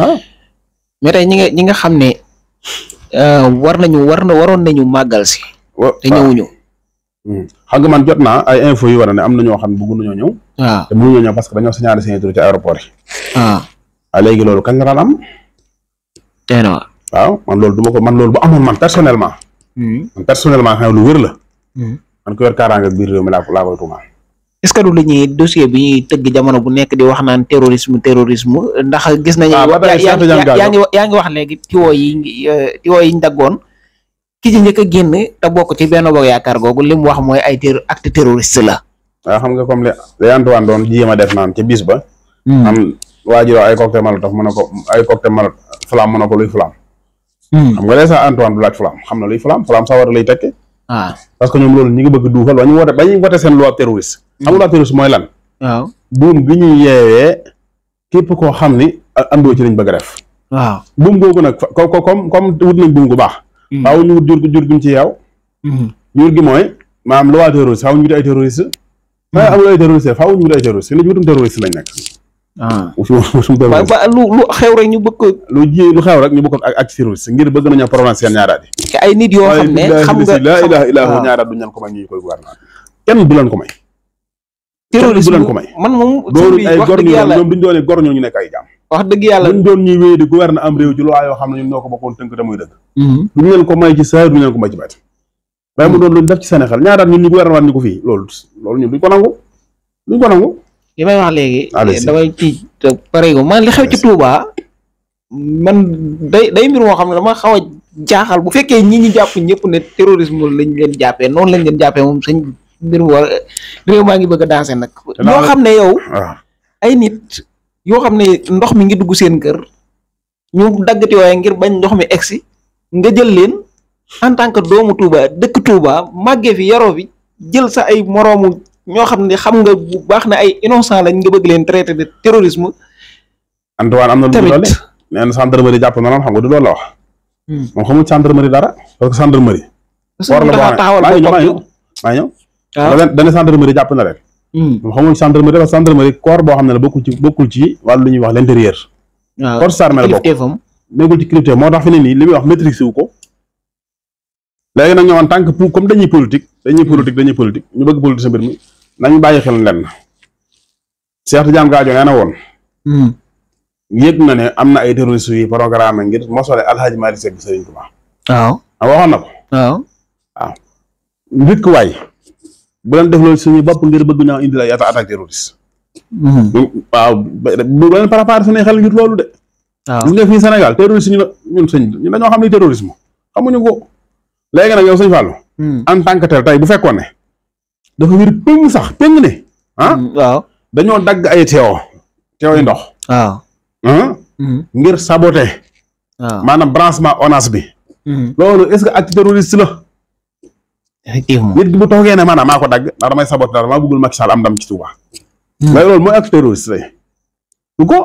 ah mais tey ñi nga ñi nga xam ne euh, war nañu war na waroon nañu màggal si. te ñëwuñu. Hmm. xam nga man jot naa ay info yu war a ne am na ñoo xam ne bëggu nañoo ñëw. waaw ah. te mënuñoo ñëw parce que dañoo signalé seen tur ci aéroport yi. waaw ah. ah, léegi loolu kañ la daan am. tey na waaw man loolu du ma ko man loolu bu amoon man personnellement. Hmm. man lu wér la. Hmm. man ko yor kaaraange ak biir réew mi laa laa koy tuumaal est-ce que du li dossier bi tëgg jamono bu nekk di wax naan terrorisme terrorisme ndax gis nañu ah, yaa ngi yaa ngi wax léegi tiwoo yi euh, tiwoo yi daggoon ki ci a génn te bokk ci benn boog yaakaar googu li mu wax mooy ay acte terroriste la waaw ah, xam nga comme li Antoine doon jéem a def naan ci bis ba hmm. am waajuroo ay cocktail molotov mën na ko ay ko luy flamme hmm. xam nga dèjà Antoine du laaj flamme xam na luy flamme flamme sawara lay tekki ah. parce que ñoom loolu ñi ngi bëgg duufal ba amul waa terrorisme mooy lan. waaw buum gi ñuy yeewee képp koo xam ni a andoo ci lañ bëgg a def. waaw buum googu nag ko ko comme comme wut nañ buum gu baax. waaw ñu wut jur gi ci yeew. jur gi mooy maanaam lu waa terroriste faaw ñu wut ay terroriste. waaye amul ay terroriste faaw ñu wut ay terroriste nit wutum terroriste lu lu xew rek ñu bëgg ko. lu ji lu xew rek ñu bëgg ko ak ak terroriste ngir bëgg nañoo prolongé te ay nit yoo xam ne xam nga waaye ko may ñu koy gouvernement kenn du ko may terrorisme du leen ko may man moom dooru ay gor ñu ñoom duñ doone gor ñoo ñu nekk ay jaam wax dëgg yàlla doon ñuy wéy di gouverner am réew ci loi yoo xam ko bokkoon tënk te muy dëgg mhm. duñ leen ko loolu loolu ko nangu duñ ko nangu li may wax léegi damay ci pare man li xew ci Touba man day day mbir xam ne dama xaw a jaaxal bu fekkee ñi ñu jàpp ñëpp ne terrorisme lañ leen jàppee noonu lañ leen jàppee moom sëñ mbir mu réew maa ngi bëgg a danser nag. ñoo xam ne yow. ay nit yoo xam ne ndox mi ngi dugg seen kër ñu daggati waaye ngir bañ ndox mi si nga jël leen en tant doomu Touba dëkk Touba màggee fi yaroo fi jël sa ay moroomu ñoo xam ne xam nga bu baax na ay innocent lañ nga bëgg leen traité de terrorisme. Antoine am na lu mu doole nee jàpp na xam nga du loolu la wax. Hmm. moom xamul gendarmerie dara parce que gendarmerie. war la boo xam ne maa ngi ñëw maa Ah. waaw dana gendarmerie jàpp na leen. Hmm. moom xamul gendarmerie parce que gendarmerie corps boo xam ne la bokkul ci bokkul ci wàllu lu ñuy wax l' intérieur. waaw ah. force armée la bokk moo tax fi ne nii li muy wax maîtrise wu ko. léegi nag ñoo en tant que comme dañuy politique dañuy politique dañuy politique ñu bëgg politique sa mbir mi nañu bàyyi xel lenn. Cheikh Tidiane Gadio nee na woon. Hmm. yëg na ne am na ay terroriste yu programme ngir mosole Alhaji Malick Seck Serigne Touba. waaw ah. waxoon na ko. waaw waaw. bu leen def loolu suñu bopp ngir bëgg ñaa indi la yata attaque terroriste mhm. waaw bu leen préparé suñuy xel ngir loolu de gis nga fii Sénégal terroriste ñu la ñun sëñ dañoo xam ne terrorisme xamuñu ko léegi nag yow sëñ Fallou mhm. en tant que tel tey bu fekkoon ne dafa wér péng sax péng ne ah? mhm, dañoo dagg ay teewo teewo yi ndox waaw ah? ngir saboté maanaam branchement ONAS bi loolu est-ce que acte terroriste la effectivement nit bu toogee ne maanaam maa ko dagg ndax damay saboté dara maa bëggul Macky am ndam ci Touba. Hmm. mais loolu mooy acte terroriste lañ. ko.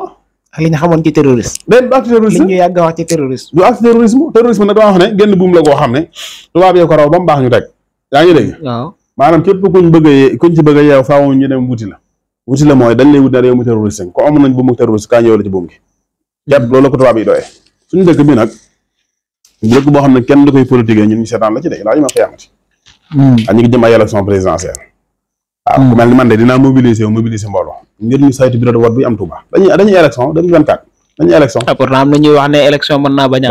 ak li ñu ci terroriste. day du acte terroriste li a wax ci terroriste. du acte terrorisme terrorisme nag dama wax ne génn buum la goo xam ne tubaab yee ko raw ba mu baax ñu teg yaa ngi dégg. waaw maanaam képp kuñ bëgg a kuñ ci bëgg ñu ne yow mu terroriste ko amoon nañ buumu terroriste kaa ñëw la ci buum ko tubaab yi doyee suñu dëkk bi nag dëkk boo xam ne kenn du koy politique ñun ñu seetaan la ci de laaj ma xiyamati Hmm. ak ah, ñu ngi jëm ay élection présidentielle waaw ah, ku hmm. ni man de dinaa mobiliser wu mobiliser mbooloo ngir ñu saytu bureau de vote bi am Touba dañuy dañuy élection 2024 dañuy élection ah, pourtant na ñuy wax ne élection mën naa bañ a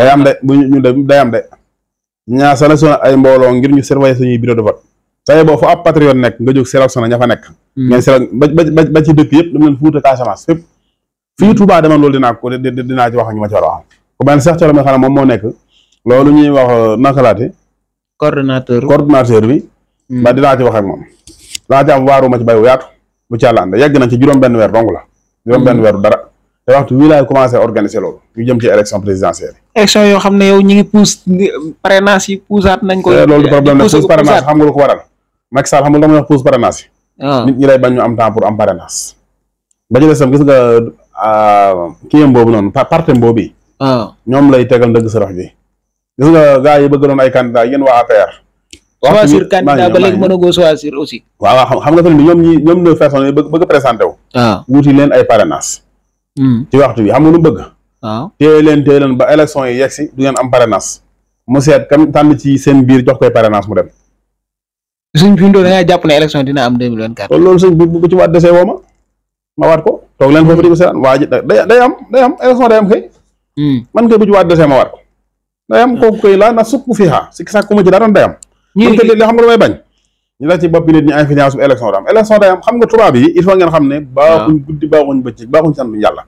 de ñaa sélection ay mbooloo ngir ñu surveiller suñuy bureau de vote saye boo fa ab patriote nekk nga jóg sélection ña fa nekk hmm. ngeen sele ba ba ci dëkk yëpp dam leen Fuuta Casamance fépp fii Touba demoon loolu dinaa ko dinaa ci wax ñu ma ci war a wax ma moom moo nekk loolu ñuy wax euh, nakalaate coordonnateur coordonnateur bi. Hmm. ba dinaa ci wax ak moom. dinaa ci am waaru ma ci béy bu yaatu. bu ci àllande yegg nañ ci juróom-benn weer dong la. juróom-benn hmm. weer dara. te waxtu wii laay commencé organiser loolu. ñu jëm ci élection présidentielle. élection yoo xam ne yow ñu ngi pousse parrainage yi poussaat nañ ko. Eh, loolu problème la pousse parrainage xam nga lu ko waral. Macky Sall xam nga lu ma wax pousse parrainage ah. nit ñi lay bañ ñu am temps pour am parrainage. ba ci des tam gis nga ah, kii yam boobu noonu partem boobu. Ah. ñoom lay tegal ndëgg sarax bi gis nga gars yi bëggoon ay candidat yéen waa APR. choisir candidat ba léegi mën a goo choisir aussi. waaw xam nga fi ne ñoom ñi ñoom neuf personnes yi bëgg bëgg ah. wuti leen ay parrainage. Hmm. ci waxtu wi xam nga lu bëgg. waaw ah. téye leen téye ba élection yi yegg si du ngeen am parrainage mu seet kam tànn ci seen biir jox koy parrainage mu dem. suñ fi mu doon da ngaa jàpp ne élection dina am 2024. loolu suñ bu bu ci waat desee woo ma ma waat ko toog leen foofu di ko waa ji day day am day am élection day am kay. Hmm. bu ci waat desee ma waat day am kooku koy laa na sukk fii xaa si sax ku ma ci dara day am. ñii li xam nga damay bañ. ñu la ci bopp bi nit ñi influence bu élection daam élection day xam nga tubaab yi il faut ngeen xam ne. baaxuñ guddi baaxuñ bëccëg baaxuñ sant yàlla.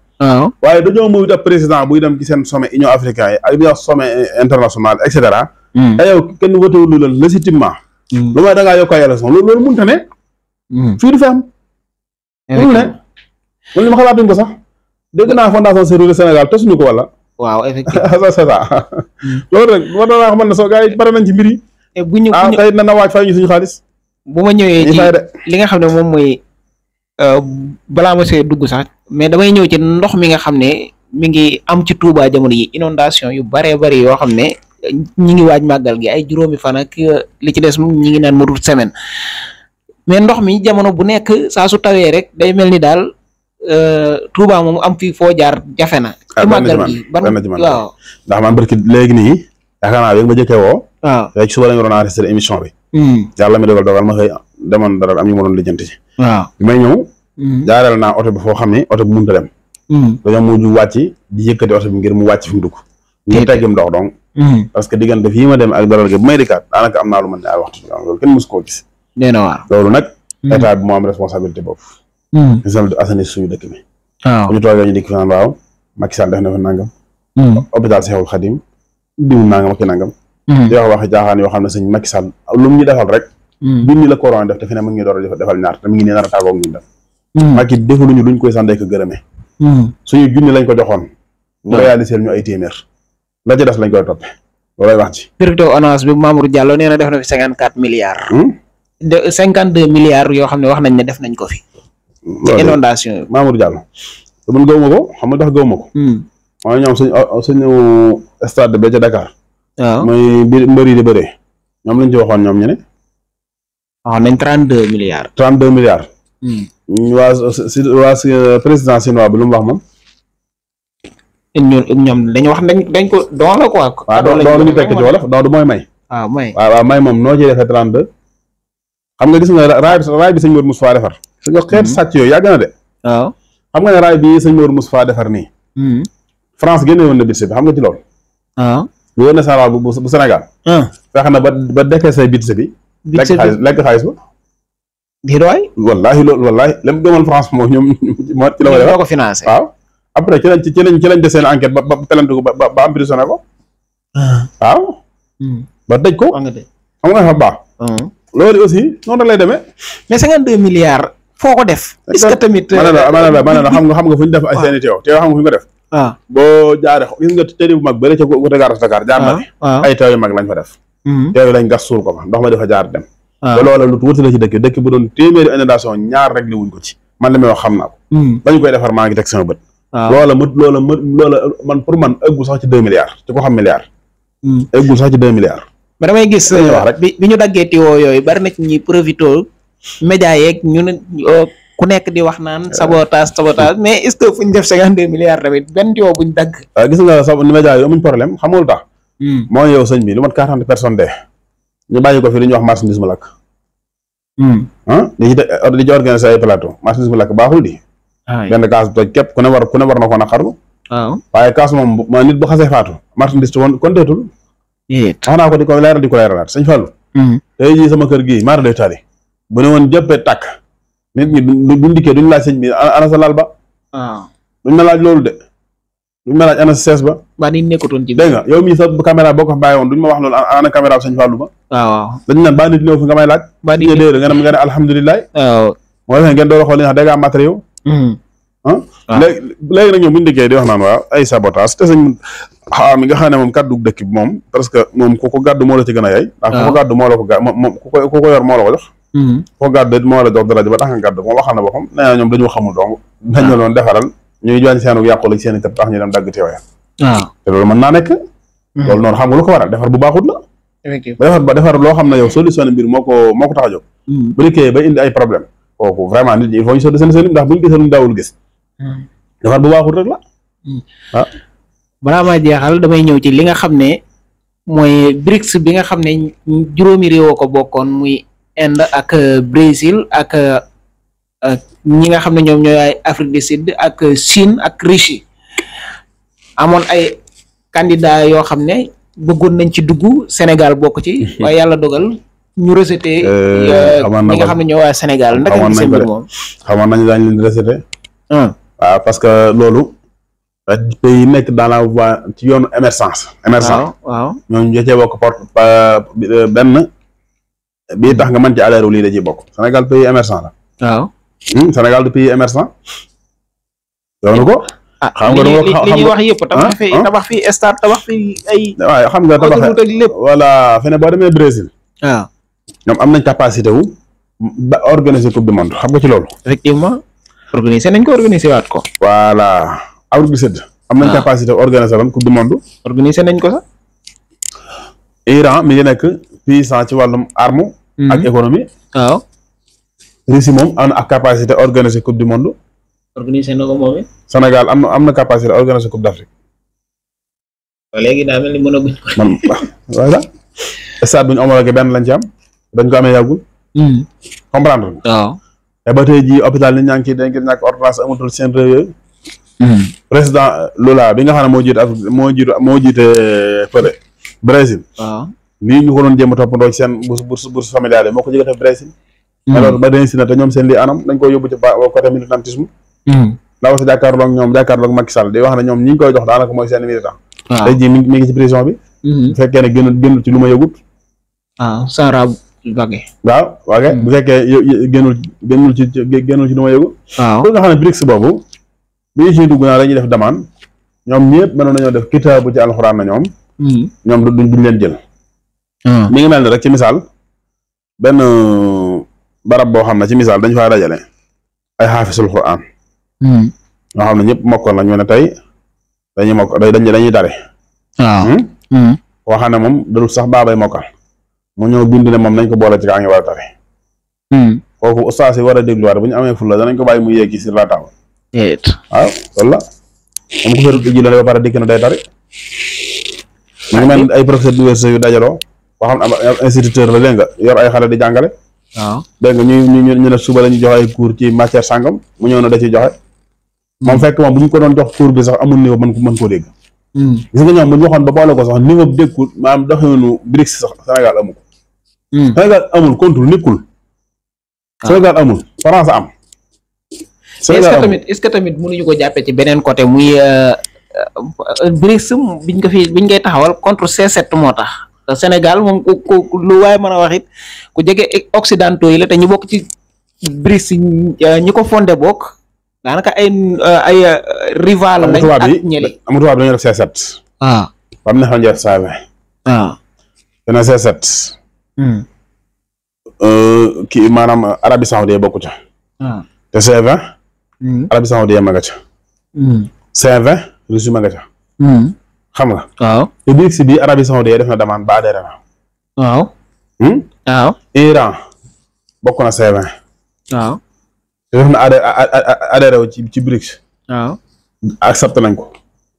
waaye dañoo muy def président buy dem ci seen sommet union africain yi ak biir sommet international et cetera. Hmm. te yow kenn voté wu la légitimement. Hmm. lu may da ngaa élection loolu loolu mënut a ne. Hmm. fii du fi am. naa fondation Servir le Sénégal te suñu ko wala waaw effectivement c'est ça mm. loolu rek war na laa xamante ne soo bare nañ ci yi. Eh, bu ñu ah tey na na waaj ñu suñu bu ma ñëwee ci li nga xam ne moom mooy euh, balaa ma see dugg sax mais damay ñëw ci ndox mi nga xam ne mi ngi am ci Touba jamono yi inondation yu baree bari yoo xam ne ñi ngi waaj màggal gi ay juróomi fan ak euh, li ci des ñi ngi naan mu dul semaine mais ndox mi jamono bu nekk saa su tawee rek day mel ni daal. Euh, Touba moom am fii foo jaar jafe na. Ah, ci màggal gi ban waaw ndax man barki léegi nii yaakaar naa bi ma jëkkee woo. waaw ah. léegi ci suba la ñu doon enregistré émission bi. Hmm. yàlla mi dogal dogal ma xëy demoon dara am ñu ma doon lijjanti ci. Ah. waaw bi may ñëw. Hmm. jaareel naa oto bi foo xam ne oto bi mënut a dem. Hmm. dañoo mujj wàcc di yëkkati oto bi ngir mu wàcc fi mu dugg. ngir teggim dox donc. parce que diggante fii ma dem ak dalal gi bu may dikkaat daanaka am naa lu mën ñaar waxtu loolu kenn mësu koo gis. nee na waaw loolu système hmm. de assainissement bi. waaw bu ñu toogee ñu dikk fi naan waaw Macky Sall def na fa nangam. Hmm. hôpital Cheikhul Khadim diw nangam ak ki nangam. Hmm. di yoo xam ne sëñ Macky Sall lu mu ñu defal rek. biñ ñu la corona def te fi ne mu ngi door a defal ñaar te mu ngi nee nar a tàggoog ñun def. Macky defaluñu luñ koy santee ko gërëmee. suñu junni lañ ko joxoon. mu réaliser ñu ay téeméer. la ca des lañ koy toppee loolay wax ci. directeur ONAS bi Mamour nee na def na fi cinquante quatre milliards. de cinquante deux milliards yoo xam ne wax nañ ne def nañ ko fi. ci inondation yi. Mamour Diallo te xam nga tax gëwuma ko. ñoom suñu suñu stade ba ca Dakar. mbër yi di bëree ñoom lañ ci waxoon ñoom ñu ne. waaw ah, nañ trente deux milliards. trente deux milliards. Hmm. waa si euh, président chinois bi lu mu wax moom. ñun ñoom dañu wax dañ dañ ko doon la quoi. waaw doon la ñu tekki ci wolof du mooy may. Ah, waaw may moom noo ciy defee trente deux. xam nga gis nga raay bi raay bi sëñ Mourou Moussa su nga xeet mhm. sàcc yooyu yàgg na de waaw xam nga ne raay bi sëñ Mor Moustapha defar nii mhm. France génne woon na budget bi xam nga ci loolu waaw gouverneur national bu bu Sénégal ah. fexe na ba ba décaissé budget bi lekk xaalis lekk xaalis ba di doy wallaahi loolu la mu demal moo ci la ko defee ko financé waaw ci lañ ci seen enquête ba ba pelante ko ba ba emprisonné ko ah. hmm. ba dëj ko xam nga dafa baax ah. loolu aussi noonu lay demee mais cinquante deux milliards foo ko def. est-ce tamit. Euh, maanaam la maanaam la xam nga xam nga fu ñu def. ay ah. seen i teew teew xam nga ko def. waaw ah. boo jaaree gis nga tëri bu mag bële ca côté gare Dakar jaar na ah, ay teew yu mag lañ fa def. Hmm. teew yi lañ gas suul ko fa ndox ma dafa jaar dem. waaw loola lu wuti la ci dëkk dëkk bu doon téeméeri inondation ñaar rek li wuñ ko ci man la may xam naa hmm. bañ koy defar maa ngi teg bët. loola man pour man ëggul sax ci deux milliards ci ko hmm. ma damay gis bi ñu daggee tiwo yooyu bari na ci ñi média yeeg ñu ne euh, ku nekk di wax naan euh. sabotage sabotage mais est-ce que fu ñu def cinquante deux milliards tamit benn yoo buñ dagg. Euh, gis nga sa média yi amuñ problème xam nga lu tax. Hmm. moo yow sëñ bi lu mat quarante personnes ñu bàyyi ko fi li ñuy wax marchandisme lakk. ah di ci di ci organiser ay plateau marchandisme lakk baaxul di. benn kaas bu toj képp ku ne war ku ne war na ko a waaw waaye kaas moom ma nit bu xasee faatu marchandise woon kon deetul. wax naa ko di ko leeral di ko leeralaat sëñ Fallou. Hmm. tey jii sama kër gii maar day tari. bu ne woon jëppee tàkk nit ñi duñ dikkee duñ laaj sëñ bi ana sa laal ba. waaw ah. duñ ma laaj loolu de duñ ma laaj ana sa sees ba. waa ci. dégg nga yow mii sa caméra boo ko bàyyi woon duñ ma wax loolu ana caméra bu sëñ Fallou ba. Ah, waaw naan baa nit ñëw fi nga may laaj. baa nit ñëw déedéet nga ne nga ne alhamdulilah. Ah, waaw a xool li nga xam da ngaa hmm. ñoom bu ñu di wax naan waaw ay sabotage te sëñ mi nga xam ne moom kàddu dëkk bi moom parce que moom ku ko gàddu moo la ci gën a yay. ndax ku ko gàddu moo la ko ku ko la Mm-hmm. foo gàddu it moo war a jox daraja ba tax nga gàddu moom waxal na boppam nee naa ñoom dañoo xamul dong ah. dañ la defaral ñuy tax ñu dem dagg teewee ah. te naa nekk mm-hmm. loolu noonu xam nga lu ko waral defar bu baaxut la ba defar ba defar loo xam ne yow solution mbir moo ko moo ko tax a jóg mm-hmm. bu dikkee indi ay problème kooku vraiment nit ñi il faut ñu solution seen ndax buñ gisee luñ daawul gis defar bu baaxut rek la ah balaa maa jeexal damay ñëw ci li nga xam ne mooy BRICS bi nga xam ne juróomi réew a ko bokkoon muy Inde ak euh, Brésil ak euh, euh, ñi nga xam ne ñoom ñooy ay Afrique du Sud ak Chine ak Russie amoon ay candidat yoo xam ne bëggoon nañ ci dugg Sénégal bokk ci waaye yàlla dogal ñu rejeté ñi nga xam ne ñoo waa Sénégal ndax seen mbir moom xamoon nañ daañ ah. parce que loolu pays yi voie ci yoonu émergence émergence waaw benn bii tax nga mën ci aleeru lii da ciy bokk Sénégal pays émergent la. waaw. Hmm, Sénégal du pays émergent. yow na ko. ah li ñuy ah, fi ah. tabax fi stade tabax fi ay. waaw xam nga tabax voilà fi ne boo demee Brésil. waaw ah. ñoom am nañ capacité wu. ba organiser coupe du monde xam nga ci loolu. effectivement organiser nañ ko organiser waat ko. voilà Afrique du Sud. am nañ capacité wu organiser lan coupe ko sax. Iran mi ngi nekk puissant ci wàllum arme. Mm-hmm. ak économie. waaw. Russie moom am na capacité organiser coupe du monde. organiser na ko Sénégal am na am na capacité organiser coupe d'Afrique. waaw léegi daa mel ni mënaguñ ko. man voilà. stade bu ñu homologué benn lañ ci dañ ko amee yàggul. Mm-hmm. comprendre nga. waaw. te ba tey jii hôpital nit ñaa ngi ciy dañ koy ñàkk ordonnance amatul seen réew yooyu. Mm-hmm. président Lula bi nga xam ne moo jiite moo jiite moo jiite euh, Brésil. lii ñu ko doon jéem a toppandoo seen bourse bourse familiale moo ko jëkk a def Brésil hmm. ba densi na te ñoom seen lii anam dañ koy yóbbu ci côté militantisme hmm. ndaw sa jàkkaarloog ñoom jàkkaarloog Macky Sall di wax ne ñoom ñi koy jox daanaka mooy seen militant ah. tey jii mi mi ngi ci hmm. ci lu ma yëgut ah, waaw Sahara Wagué waaw bu fekkee génnul génnul ci génnul ci lu ma yëgut waaw ah. nga xam ne BRICS boobu bi ñu ciy dugg naa dañuy def demande ñoom ñëpp mënoon nañoo def kitaabu ci alxuraan na ñoom ñoom duñ leen jël Ah. mi ngi mel ni rek ci misaal benn uh, barab boo xam ne ci misaal dañ faa dajale ay xaafisul quraan ñoo hmm. xam ne ñëpp mokkoon nañ ñu ne tey dañuy mokk dañuy dañuy tare waaw ah. hmm? hmm. koo ne moom dadul sax baabay mokkal mu ñëw bind ne moom nañ ko boole ci kaa ngi war a tare kooku ustaas yi war a dégluwaat bu ñu amee fulla nañ ko bàyyi mu yéegi si la taw waaw loolu la moom ko ferut ji la ba pare dikk na day tari mu ngi mel ay professeur d'université yu dajaloo boo xam ne am instituteur la yor ay xale di jàngale. waaw nga ñu ñu ñu suba la ñu joxe ay cours ci matière sàngam mu ñëw na da ciy joxe. moom fekk moom bu ñu ko doon jox cours bi sax amul niveau mën mën koo dégg. Hmm. gis nga ñoom bu ñu ba boole ko sax niveau bi déggul maanaam doxalinu BRICS sax Sénégal amu ko. Hmm. Sénégal amul kontul nekkul. Ah. Sénégal amul France am. Sénégal amul est-ce ce que tamit mënuñu ko jàppee ci beneen côté muy euh, euh, BRICS biñ ko fi biñ koy taxawal contre C7 moo tax. te Sénégal moom ku ku lu waaye mën a wax ku jege occidentaux yi la te ñu bokk ci BRICS euh, ñi ko fondé bokk daanaka ay euh, ay euh, rival lañ ak ñële am tubaab bi dañoo def C7. waaw bam na xam ne C7. waaw dana hmm. kii maanaam Arabie Saoudite bokku ca. Ah. te C20. Hmm. Arabie Saoudite hmm. ma nga ca. C20 Russie ma nga xam nga. waaw te BRICS bi Arabie Saoudite def na demande ba adhéré na. waaw. Hmm? Iran bokk na c waaw te def na adhéré ci ci BRICS. waaw accepté nañ ko.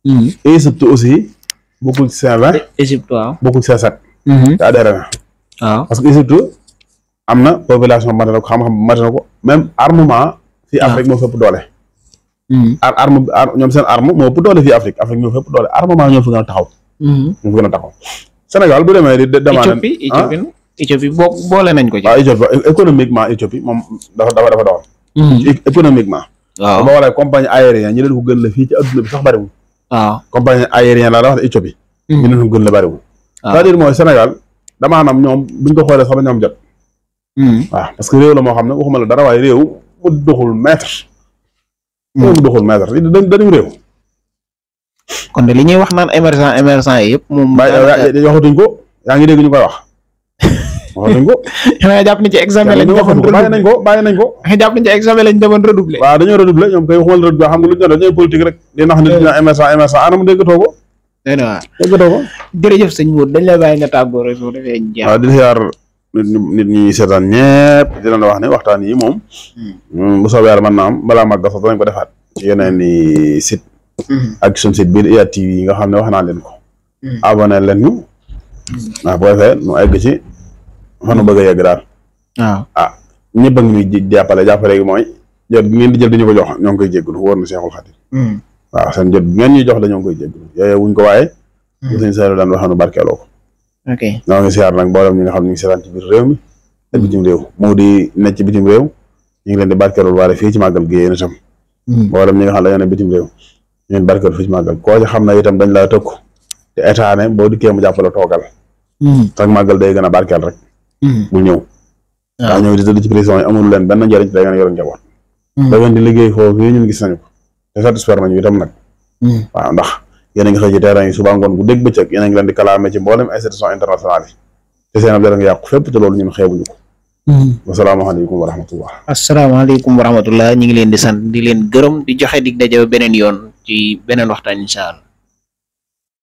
Hmm. Égypte aussi bokkul ci C20. Égypte waaw bokkul ci hmm. parce que Égypte am na population mat na ko xam-xam mat na ko même armement. fi Afrique moo fépp doole. Mm-hmm. ar arme ñoom seen arme moo ëpp doole fii Afrique Afrique ñoo fa ëpp doole armement ñoo fa gën a taxaw. Mm-hmm. ñoo a taxaw Sénégal bu demee di demandé. Éthiopie ah? Éthiopie boo boole nañ ah, mm-hmm. damaa naam ñoom buñ ko xoolee sax ba ñoom jot. waaw parce que réew la moo xam ne waxuma la dara waaye réew mu doxul mètre loolu hmm. doxul maître dañu réew. kon de li ñuy wax naan émergent émergent yi yëpp. moom waxatuñ ko yaa ngi dégg ñu koy wax. waxatuñ ko. xanaa jàpp ni ci examen lañ demoon bàyyi nañ ko bàyyi nañ ko. jàpp ni ci examen lañ demoon redoublé. waaw dañoo redoublé ñoom kay waxumal redoublé xam nga lu ñu doon dañuy politique rek. di nax nit ñaa eh. émergent émergent anam déggatoo ko. déggatoo ko. jërëjëf sëñ Mbour dañ la bàyyi nga tàggoo rek soo defee ñu jeex. waaw di ziar nit ñi seetaan ñëpp di wax ne waxtaan yi moom. Hmm. bu soobee yàlla mën naa am balaa mag sax danañ ko defaat. ci yeneen i site. Hmm. ak suñ site biir IYAT nga xam ne wax naa leen ko. Hmm. abonné leen ñu. waaw boo defee nu egg ci fa nu bëgg a yegg daal. waaw ah, ah ñëpp a ngi ñuy jàppale jàppale gi mooy jot bi ngeen di jël dañu jox ñoo ngi koy jégalu wóor na Seexul Xadiim. waaw seen jot ngeen ñuy jox dañoo ngi koy jégalu wuñ ko waaye. bu sëñ Saliou daan waxanu barkeeloo ko. ok ñoo ngi siyaar nag mboolem ñi nga xam ne ngi seetaan ci biir réew mi ak bitim réew moo di nekk ci bitim réew ñu ngi leen di barkeelul waale fii ci màggal gi yéen itam hmm. mboolem ñi nga xam ne dañoo ne bitim réew ñu leen barkeelul fii ci màggal xam na itam dañ laa tëkku te état ne boo dikkee mu jàppale toogal sax hmm. màggal day gën a barkeel rek bu hmm. ñëw ah. daa ñëw di tëdd ci prison yi amul leen benn njëriñ day gën a da ngeen di liggéey foofu yi ñun gis nañu ko te satisfaire nañu itam nag waaw ndax yéen a ngi xëy ci terrain yi suba ngoon gu dégg bëccëg yéen ci mboolem institution internationale te seen ab dara nga yàqu te loolu ñun xeebuñu ko hmm. wasalaamaaleykum wa rahmatullah asalaamaaleykum wa rahmatullah ngi leen di san di leen gërëm di joxe dig daje beneen yoon ci beneen waxtaan incha allah